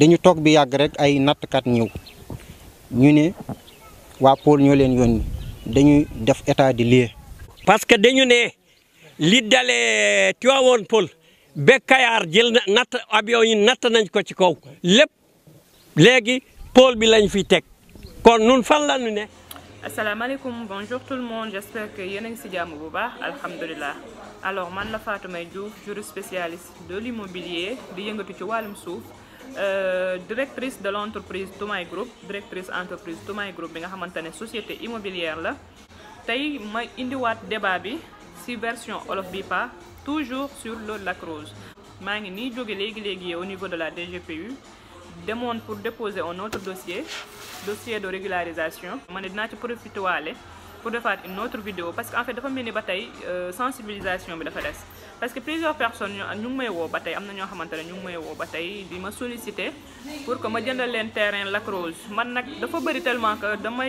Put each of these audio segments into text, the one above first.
dañu tok bi yag rek ay nattkat ñëw ñu ne wa pol ñoo leen yoni dañu def état de lieu parce que dañu ne li dalee Tivaouane pol be Kayar jël nat avion yi nat nañ ko ci kaw lepp légui pol bi lañ fi tek kon nun fan la ñu ne. alaykum bonjour tout le monde j'espère que yéen a jamm bu baax alhamdoulillah alors man la Fatou May Diouf juriste spécialiste de l'immobilier di yëngatu ci walum souf Euh, directrice de l'entreprise My Group directrice entreprise My Group bi nga société immobilière la suis ma indiwaat débat bi version olof Bipa, toujours sur le Lac Rose suis ngi au niveau de la DGPU demande pour déposer un autre dossier dossier de régularisation Je suis venu ci le pour faire une autre vidéo parce qu'en fait dafa euh, sensibilisation parce que plusieurs personnes ñu may pour que ma jëndal terrain man dafa tellement que dama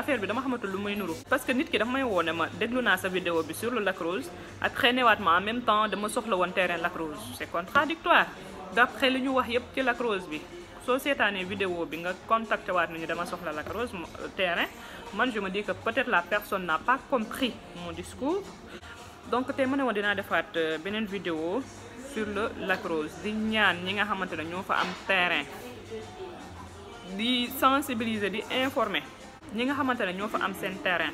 affaire bi dama lu muy parce que nit ki dafa may ne ma sa vidéo bi sur le Lac Rose en même temps dama soxla terrain c'est contradictoire d'après li wax yépp ci soo seetaanee vidéo bi nga contacté waat nañu dama soxla Rose terrain man je me dis que peut-être la personne n'a pas compris mon discours donc té ma ne faire une defaat euh, vidéo sur le Lac Rose di ñaan ñi nga xamante ñoo fa am terrain di sensibiliser di informer ñi nga xamante ñoo fa am sen terrain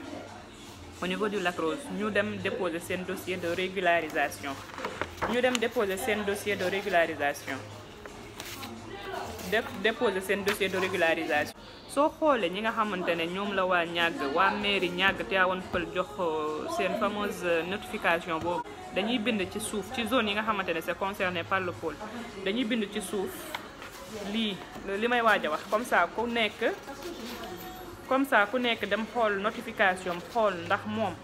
au niveau du Lac Rose ñu dem déposer un dossier de régularisation ñu dem déposer un dossier de régularisation déposer seen dossier de régularisation so xolé ñi nga xamante ne ñoom la wa ñàgg wa mairie ñàgg Tivaouane feul jox euh, sen fameuse euh, notification boobu dañuy bind ci souf ci zone yi nga xamante c'est concerné par le pôle dañuy bind ci souf li limay waja wax comme ça ku nekk comme ça ku nekk dem xol notification xol ndax mom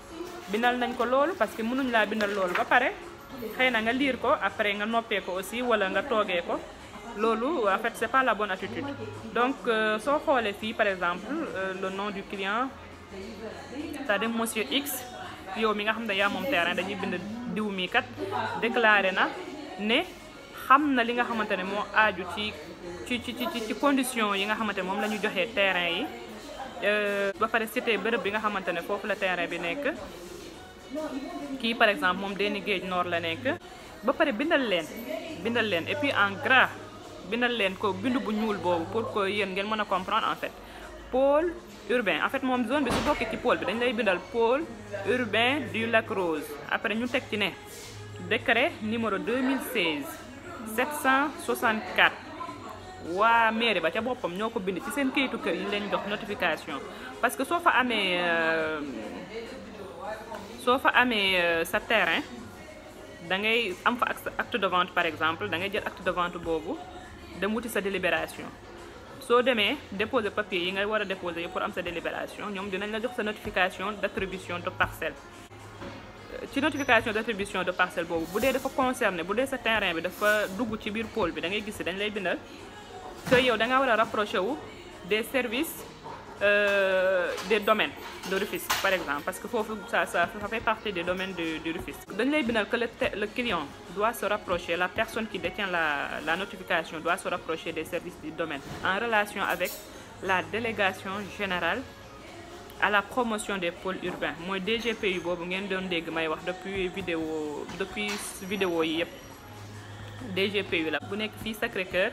bindal nañ ko lool parce que mënuñ la bindal lool ba paré xëy na nga lire ko après nga noppé ko aussi wala nga togué ko loolu en fait c'est pas la bonne attitude donc euh, soo xoolee fii par exemple euh, le nom du client cest à monsieur X yow mi nga xam ne yaa moom terrain dañuy bind diw mi kat déclaré na ne xam na li nga xamante ne moo aaju ci ci ci ci ci condition yi nga xamante ne moom la ñu joxee terrain yi euh, ba pare cité bërëb bi nga xamante ne foofu la terrain bi nekk kii par exemple moom Déni Géej Nord la nekk ba pare bindal leen bindal leen et puis en gras bindal leen ko bind bu ñuul boobu pour que yéen ngeen mën a comprendre en fait pôle urbain en fait moom zone bi su bokki ci pôle bi dañ lay bindal pôle urbain du lac Rose après ñu teg ci ne décret numéro 2016 764 waa mairie ba ca boppam ñoo ko bind ci seen kayitu kër yi leen jox notification parce que soo fa amee euh, soo fa amee euh, sa terrain da ngay am fa acte de vente par exemple da ngay jël acte de vente boobu de la sa délibération vous déposer papier yi nga déposer pour am sa délibération Nous dinañ la sa notification d'attribution de parcelle. Euh, ci notification d'attribution de parcelle vous vous dafa concerné vous terrain bi dafa dugg ci pôle bi da ngay des services. Euh, des domaines de Rufisque par exemple parce que ça ça fait partie des domaines de de Rufisque que le client doit se rapprocher la personne qui détient la notification doit se rapprocher des services du domaine en relation avec la délégation générale à la promotion des pôles urbains moi DGPU vous vous doon des depuis vidéo depuis vidéo DGPU la bu fille sacrée Sacré-Cœur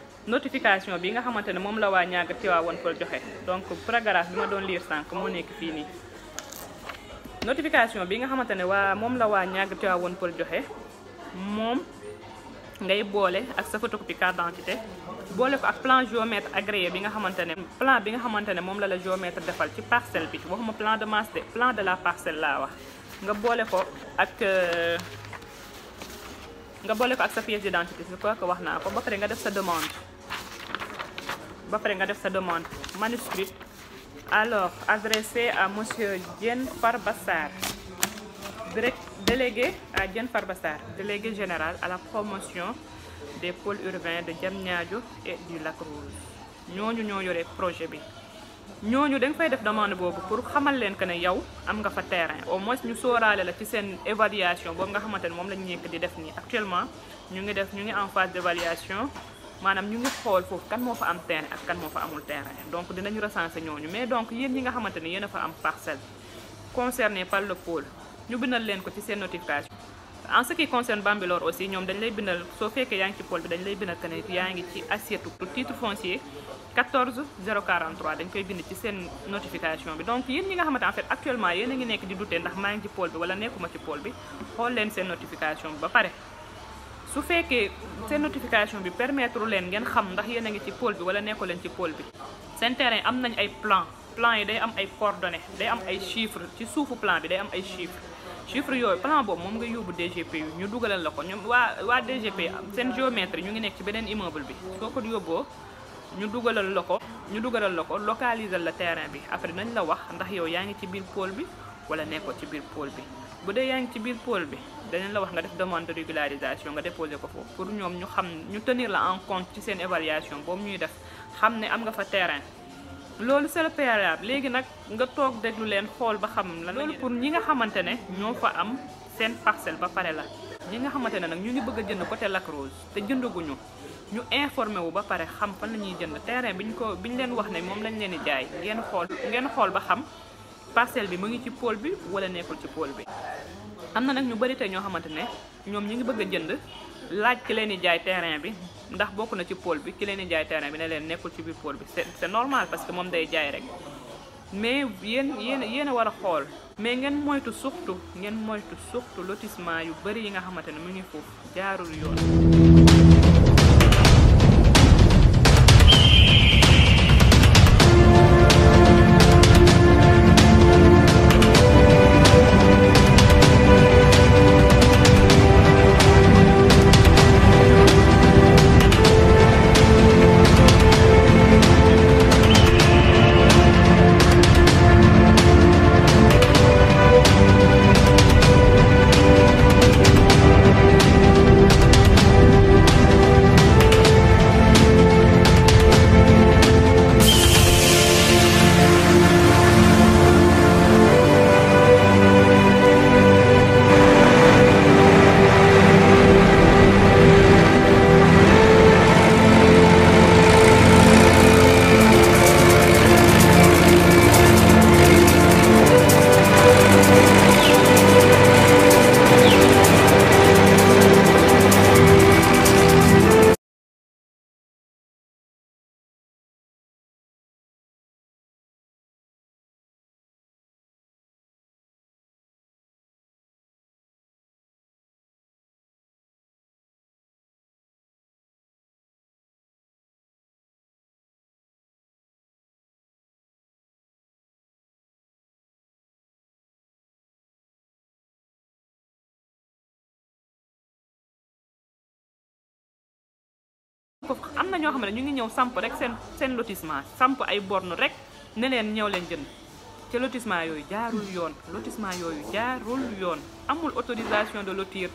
notification bi nga xamante ne moom la waa ñaaga Tiwaawoon Pël joxe donc paragraphe bi ma doon lire sànq moo nekk fii nii notification bi nga xamante ne waa moom la waa ñaaga Tiwaawoon Pël joxe moom ngay boole ak sa photocopie carte d'identité boole ko ak plan géomètre agréé bi nga xamante ne plan bi nga xamante ne moom la la géomètre defal ci parcelle bi waxuma plan de masse de plan de la parcelle laa wax nga boole ko ak euh, nga boole ko ak sa pièce d'identité je wax naa ko ba pare nga def sa demande ba vais nga def sa demande manuscrite alors adressée à monsieur Dien Farbassar délégué à Dien Farbassar délégué général à la promotion des pôles urbains de Diamniadio et du Lac Rose Nous ñoo un projet bi avons fait fay def demande pour xamal leen que ne yow am nga fa terrain au moins ñu sóoraale la ci sen évaluation Nous nga xamante mom lañu di def actuellement ñu ngi def ñu ngi en phase d'évaluation manam ñu ngi xool foofu kan moo fa am terrain ak kan moo fa amul terrain donc dinañu recenser ñooñu mais donc yéen ñi nga xamante ni yéen a fa am parcelle concerné par le pôle ñu bindal leen ko ci seen notification. en ce qui concerne Bambilor aussi ñoom dañ lay bindal soo fekkee yaa ngi ci pôle bi dañ lay bindal que ne yaa ngi ci assiette titre foncier 14 043 dañ koy bind ci seen notification bi donc yéen ñi nga xamante en fait actuellement yéen a ngi nekk di dute ndax maa ngi ci pôle bi wala nekkuma ci pôle bi xool leen seen notification bi ba pare. su fekkee seen notification bi permettre leen ngeen xam ndax yéen a ngi ci pôle bi wala nekko leen ci pôle bi seen terrain am nañ ay plan plan yi am ay coordonnées day am ay chiffres ci suufu plan bi day am ay chiffres chiffres yooyu plan boobu moom nga yóbbu DGPU ñu dugalal la ko ñoom waa waa DGPU seen géomètre ñu ngi nekk ci beneen immeuble bi soo ko yóbboo ñu dugalal la ko ñu dugalal la ko localiser la terrain bi après nañ la wax ndax yow yaa ngi ci biir pôle bi wala nekkoo ci biir pôle bi bu dee yaa ngi ci biir pôle bi danañ la wax nga def demande de régularisation nga déposé ko foofu pour ñoom ñu xam ñu tenir la en compte ci seen évaluation boobu ñuy def xam ne am nga fa terrain loolu c'est le léegi nag nga toog deglu leen xool ba xam la loolu pour ñi nga xamante ne ñoo fa am seen parcelle ba pare la ñi nga xamante ne nag ñu ngi bëgg a jënd côté Lac Rose te jëndaguñu ñu informé wu ba pare xam fan la ñuy jënd terrain bi ñu ko bi ñu leen wax ne moom lañ leen di jaay ngeen xool ngeen xool ba xam parcelle bi mu ngi ci pôle bi wala nekkul ci pôle bi am na nag ñu bari tey ñoo xamante ne ñoom ñi ngi bëgg a jënd laaj ki leen di jaay terrain bi ndax bokk na ci pôle bi ki leen di jaay terrain bi ne leen nekkul ci biir pôle bi c'est normal parce que moom day jaay rek mais yéen yéen yéen a war a xool mais ngeen moytu surtout ngeen moytu surtout lotissement yu bari yi nga xamante ne mu ngi foofu jaarul yoon foofu am na ñoo xam ne ñu ngi ñëw samp rek seen seen lotissement samp ay borne rek ne leen ñëw leen jënd ca lotissement yooyu jaarul yoon lotissement yooyu jaarul yoon amul autorisation de lotir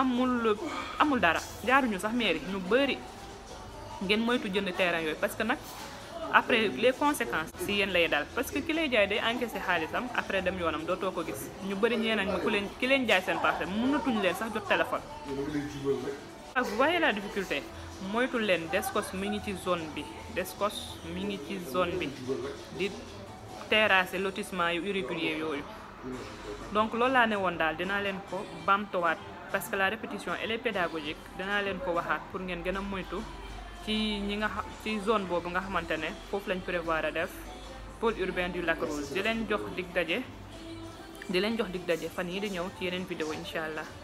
amul amul dara jaaruñu sax mairie ñu bëri ngeen moytu jënd terrain yooyu parce que nag après les conséquences si yéen lay daal parce que ki lay jaay day encaissé xaalisam après dem yoonam dootoo ko gis ñu bëri ñee nañ leen ki leen jaay seen parcelle mënatuñ leen sax jot téléphone bu voyez la difficulté moytu leen Descos mi ngi ci zone bi Descos mi ngi ci zone bi di terrasser lotissement yu irrégulier yooyu donc loolu laa ne woon daal dinaa leen ko bamtuwaat parce que la répétition elle est pédagogique dinaa leen ko waxaat pour ngeen gën a moytu ci ñi nga ci zone boobu nga xamante ne foofu lañ prévoir def pôle urbain du Lac di leen jox dig daje di leen jox dig daje fan yi di ñëw ci yeneen vidéo incha allah